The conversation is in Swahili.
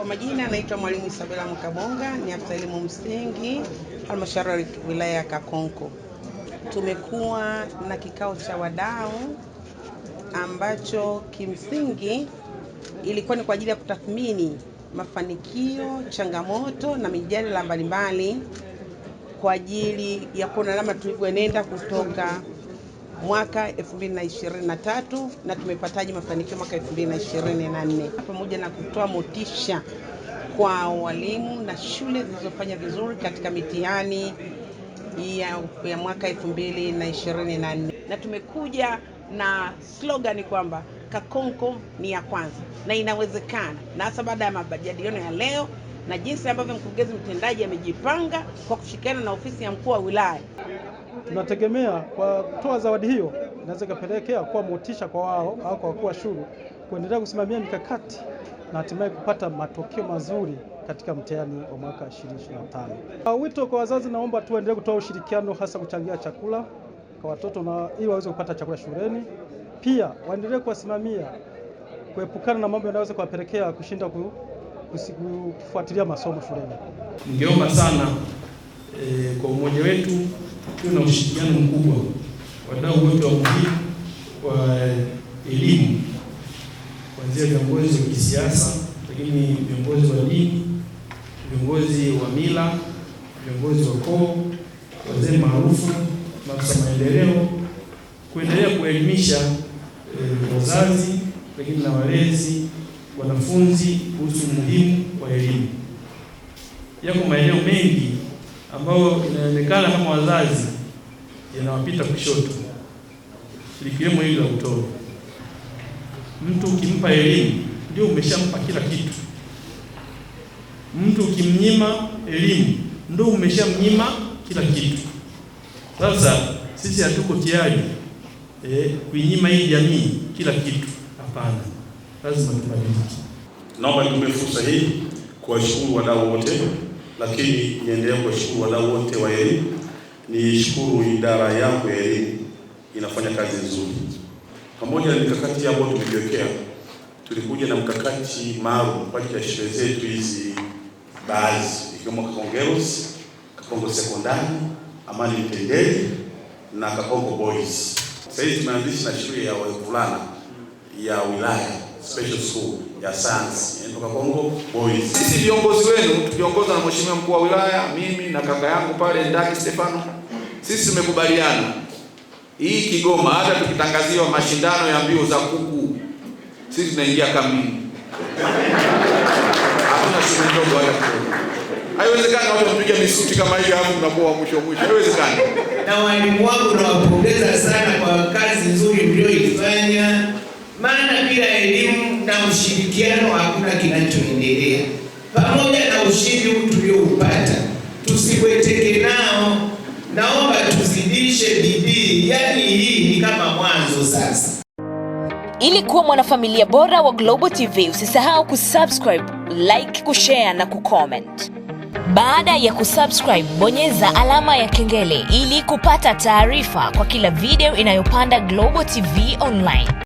Kwa majina naitwa Mwalimu Isabela Mkabonga, ni afisa elimu msingi halmashauri ya wilaya ya Kakonko. Tumekuwa na kikao cha wadau ambacho kimsingi ilikuwa ni kwa ajili ya kutathmini mafanikio, changamoto na mijadala mbalimbali kwa ajili ya kuona namna tulivyoenenda kutoka mwaka 2023 na tumepataji mafanikio mwaka 2024, pamoja na kutoa motisha kwa walimu na shule zilizofanya vizuri katika mitihani ya, ya mwaka 2024 na, na tumekuja na slogan kwamba Kakonko ni ya kwanza na inawezekana, na hasa baada ya majadiliano ya leo na jinsi ambavyo mkurugenzi mtendaji amejipanga kwa kushirikiana na ofisi ya mkuu wa wilaya. Tunategemea kwa kutoa zawadi hiyo inaweza ikapelekea kuwa motisha kwa wao au kwa wakuu wa shule kuendelea kusimamia mikakati na hatimaye kupata matokeo mazuri katika mtihani wa mwaka 2025. Wito kwa wazazi, naomba tuendelee kutoa ushirikiano, hasa kuchangia chakula kwa watoto na ili waweze kupata chakula shuleni. Pia waendelee kuwasimamia kuepukana na mambo yanayoweza kuwapelekea kushinda kufuatilia masomo shuleni. Ningeomba sana e, kwa umoja wetu tuwe na ushirikiano mkubwa, wadau wote wa muhimu wa e, elimu, kuanzia viongozi wa kisiasa, lakini viongozi wa dini, viongozi wa mila, viongozi wa koo, wazee maarufu, maafisa maendeleo, kuendelea kuelimisha e, wazazi lakini na walezi wanafunzi kuhusu umuhimu wa elimu. Yako maeneo mengi ambayo inaonekana kama wazazi yanawapita kushoto, likiwemo hili la utoro. Mtu ukimpa elimu ndio umeshampa kila kitu. Mtu ukimnyima elimu ndio umeshamnyima kila kitu. Sasa sisi hatuko tayari eh, kuinyima hii jamii kila kitu, hapana lazima tubadilike. Naomba nitumie fursa hii kuwashukuru wadau wote, lakini niendelee kuwashukuru wadau wote wa elimu. Nishukuru idara yangu ya elimu, inafanya kazi nzuri. Pamoja na mikakati ambayo tumejiwekea, tulikuja na mkakati maalum kwa ajili ya shule zetu hizi baadhi, ikiwemo Kakongeros, Kakongo Sekondari, Amani Mtendeli na Kakongo Boys. Sasa hivi tumeanzisha na shule ya wavulana ya wilaya special school ya science kutoka Kongo Boys. Sisi viongozi wenu tukiongozwa na mheshimiwa mkuu wa wilaya, mimi na kaka yangu pale Ndaki Stefano, sisi tumekubaliana hii Kigoma, hata tukitangaziwa mashindano ya mbio za kuku, sisi tunaingia kambi, hakuna shule ndogo hata Haiwezekani watu mpiga misuti kama hiyo hapo mnakuwa mwisho mwisho. Haiwezekani. Na walimu wangu nawapongeza sana kwa kazi nzuri mlio ushirikiano hakuna kinachoendelea. Pamoja na ushindi huu tulioupata, tusiweteke nao, naomba tuzidishe bidii, yani hii ni kama mwanzo sasa. Ili kuwa mwanafamilia bora wa Global TV, usisahau kusubscribe, like, kushare na kucomment. Baada ya kusubscribe, bonyeza alama ya kengele ili kupata taarifa kwa kila video inayopanda Global TV Online.